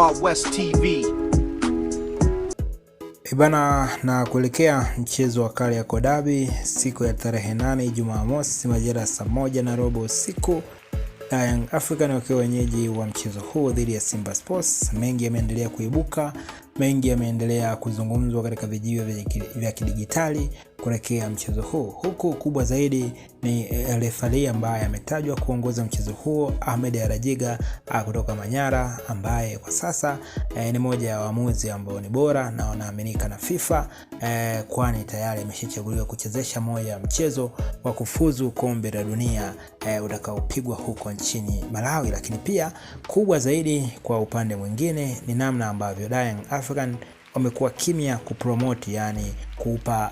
Wild West TV. Ibana, eh, na kuelekea mchezo wa ya kodabi siku ya tarehe nane Jumamosi majira saa moja na robo usiku na Young African wakiwa wenyeji wa mchezo huo dhidi ya Simba Sports. Mengi yameendelea kuibuka mengi yameendelea kuzungumzwa katika vijiwe vya kidijitali kuelekea mchezo huu, huku kubwa zaidi ni eh, refari ambaye ametajwa kuongoza mchezo huo Ahmed Arajiga ah, kutoka Manyara, ambaye kwa sasa eh, ni moja ya waamuzi ambao ni bora na wanaaminika na FIFA eh, kwani tayari ameshachaguliwa kuchezesha moja ya mchezo wa kufuzu kombe la dunia eh, utakaopigwa huko nchini Malawi, lakini pia kubwa zaidi kwa upande mwingine ni namna ambavyo Young Africans African wamekuwa kimya kupromoti, yani kuupa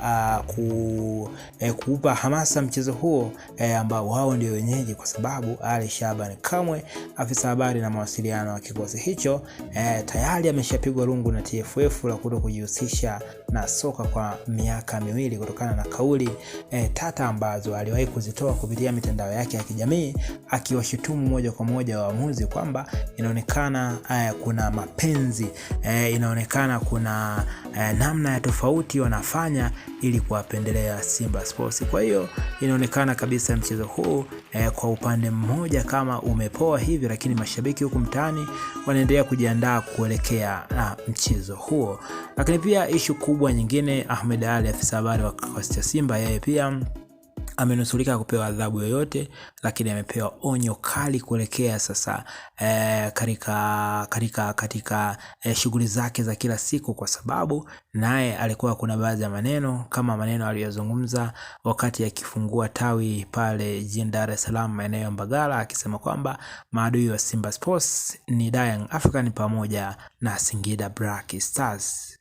uh, ku, eh, kuupa hamasa mchezo huo eh, ambao wao ndio wenyeji, kwa sababu Ali Shaban Kamwe, afisa habari na mawasiliano wa kikosi hicho eh, tayari ameshapigwa rungu na TFF la kuto kujihusisha na soka kwa miaka miwili kutokana na kauli eh, tata ambazo aliwahi kuzitoa kupitia mitandao yake ya kijamii akiwashutumu moja kwa moja waamuzi kwamba inaonekana eh, kuna mapenzi eh, inaonekana kuna na eh, namna ya tofauti wanafanya ili kuwapendelea Simba Sports. Kwa hiyo inaonekana kabisa mchezo huu eh, kwa upande mmoja kama umepoa hivi, lakini mashabiki huku mtaani wanaendelea kujiandaa kuelekea na ah, mchezo huo. Lakini pia ishu kubwa nyingine, Ahmed ali afisa habari wa kikosi cha Simba, yeye pia amenusurika kupewa adhabu yoyote, lakini amepewa onyo kali kuelekea sasa e, katika, katika, katika e, shughuli zake za kila siku, kwa sababu naye alikuwa kuna baadhi ya maneno kama maneno aliyozungumza wakati akifungua tawi pale jijini Dar es Salaam maeneo ya Mbagala, akisema kwamba maadui wa Simba Sports ni Young African pamoja na Singida Black Stars.